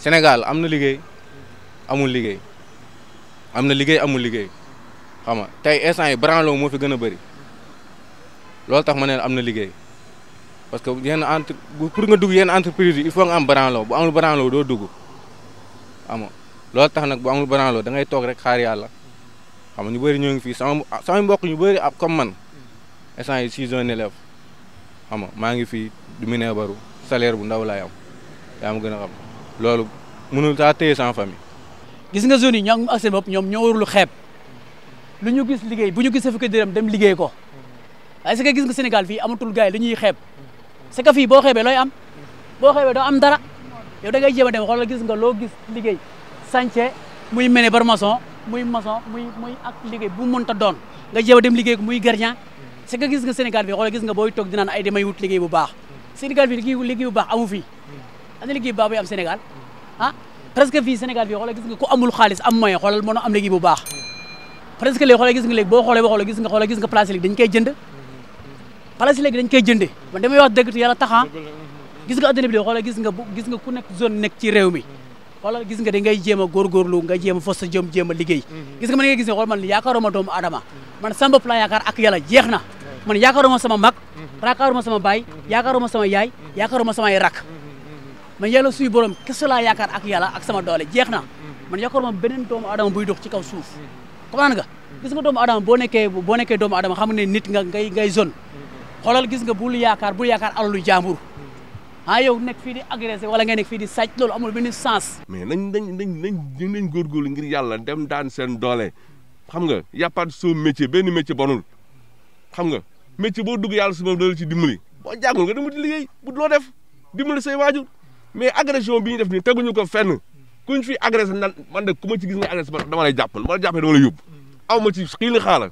Sénégal am na liggéey amul liggéey am na liggéey amul liggéey xam nga tey instant yi branlo moo fi gën a bëri loolu tax ma ne am na liggéey parce que yenn entre pour nga dugg yenn entreprise yi il faut nga am branlo bu amul branlo doo dugg xam nga loolu tax nag bu amul branlo da toog rek xaar yàlla xam nga ñu bari ñoo ngi fii sama sama mbokk ñu bari ab comme man instant yi six ans maa ngi fi du mu nee bu ndaw laay am yaa ma gën a xam loolu mënul saa téye sans famille. gis nga zone yi ñoo ak seen bopp ñoom ñoo warul xeeb lu ñu gis liggéey bu ñu gisee fukki dërëm dem liggéey ko waaye c'est que gis nga Sénégal fii amatul gars yi lu ñuy xeeb c'est que boo xeebee looy am boo xeebee doo am dara yow da ngay jéem a dem xoolal gis nga loo gis liggéey sànce muy mené par maçon muy maçon muy muy ak liggéey bu mu mënta doon a dem liggéey ko muy gardien c'est que gis nga Sénégal fii xoolal gis nga booy toog dinaan ay damay wut liggéey bu baax Sénégal fii liggéey bu baax amu fii ana liggéey baa buy am Sénégal ah presque fii Sénégal fii xoolal gis nga ku amul xaalis am moyen xoolal mën a am liggéey bu baax presque léegi xoolal gis nga léegi boo xoolee boo xoolee gis nga xoolal gis nga place léegi dañ koy jënd place léegi dañ koy jënde man dema wax dëgg yàlla taxan ah. mhm. gis nga adduna bi léegi xoolal gis nga gis nga ku nekk zone nekk ci réew mi xoolal gis nga da ngay jéem a góorgóorlu nga jéem a fos sa jëm jéem a liggéey mhm. gis nga man ngay gis ne doomu adama man sama bopp laa yaakaar ak yàlla jeex na man yaakaaruma sama mag mhm. yaakaaruma sama baay yaakaaruma sama yaay yaakaaruma samay rak man yàlla suy borom kese laa yaakaar ak yàlla ak sama doole jeex na mhm. man yaakaar ma beneen doomu aadama buy dox ci kaw suuf mhm. comprendre nga mhm. gis nga doomu aadama boo nekkee boo nekkee doomu aadama xam ne nit nga ngay ngay zone xoolal gis nga bul yaakaar bul yaakaar alalu jàmbur ah yow nekk fii di agressé wala nga nekk fii di sàcc loolu amul benn sens. mais nañ nañ nañ nañ nañ góorgóorlu ngir yàlla dem daan seen doole xam nga y' a pas de sot métier benn métier bonul xam nga métier boo dugg yàlla su ma doole ci dimbali boo jàngul loo def dimbali say mais agression bi ñu def nii teguñu ko fenn kuñ fi agressé nan man de ku ma ci gis nga agressé dama lay jàpp ma la jàppee dama lay yóbbu aw ma ci xii li xaala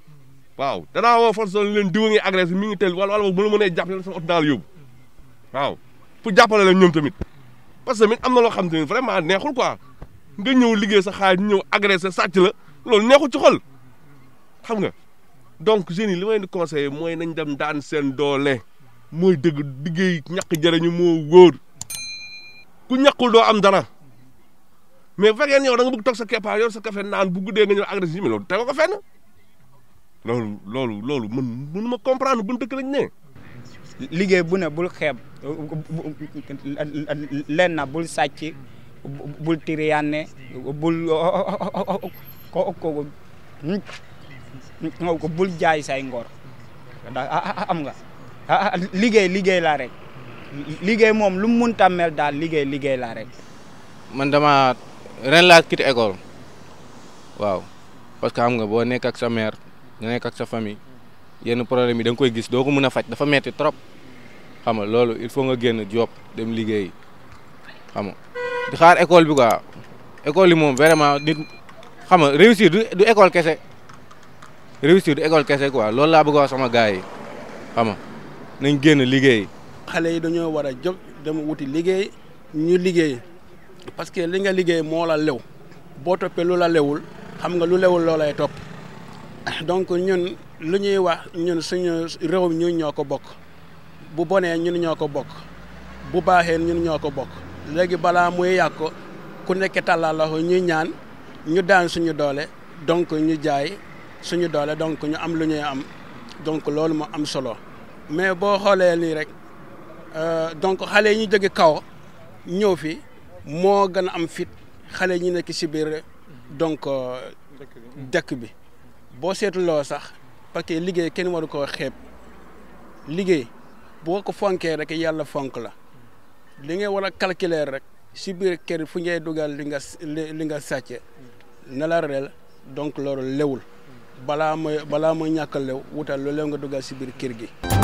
waaw danaa woo force soxna leen diwa ngi agressé mi ngi tel wala wala bu la mënee jàpp sama oto daal yóbbu waaw pour jàppale leen ñoom tamit parce que tamit am na loo xam te ne vraiment neexul quoi nga ñëw liggéey sa xaalis ñu ñëw agressé sàcc la loolu neexul ci xol xam nga donc jeunes yi li ma leen di conseillé mooy nañ dem daan seen doole mooy dëgg liggéey ñàkk jëriñu moo wóor. ku ñàkkul doo am dara mais bu fekkee yow da nga bëgg toog sa keppaar yor sa café naan bu guddee nga ñëw agressif yi mais loolu tegoo ko fenn loolu loolu loolu man mënu ma comprendre bu dëkk lañ ne. bu ne bul xeeb leen na bul sàcc bul tiriyaane bul ko bul jaay say ngor ah, ah, ah, am nga liggéey liggéey laa rek. liggéey moom lu mu mun tàmmeel daal liggéey liggéey laa rek. man dama ren laa quitté école waaw parce que xam nga boo nekk ak sa mère nga nekk ak sa famille yenn problème yi da koy gis doo ko mën a faj dafa metti trop xam nga loolu il faut nga génn job dem liggéey xam nga di xaar école bi quoi école yi moom vraiment nit xam nga réussir du du école kese réussir du école kese quoi loolu laa bëgg a sama gars yi xam nga nañ génn liggéey. xale yi dañoo war a jóg dem wuti liggéey ñu liggéey parce que li nga liggéey moo la lew boo toppee lu la lewul xam nga lu lewul loo lay topp donc ñun lu ñuy wax ñun suñu réew ñun ñoo ko bokk bu bonee ñun ñoo ko bokk bu baaxee ñun ñoo ko bokk léegi balaa muy yàq ku nekk tàllal loxo ñuy ñaan ñu daan suñu doole donc ñu jaay suñu doole donc ñu am lu ñuy am donc loolu moo am solo mais boo xoolee nii rek Euh, donc xale yi ñu jóge kaw ñëw fi moo gën a am fit xale yi ñu nekk si biir donc euh, dëkk bi boo seetuloo sax parce que liggéey kenn waru ko xeeb liggéey boo ko fonkee rek yàlla fonk la li ngay war a rek si biir kër fu ngay dugal li nga li nga sàcce na la rel donc loolu lewul balaa mooy balaa mooy ñàkk a lew wutal lu nga dugal si biir kër gi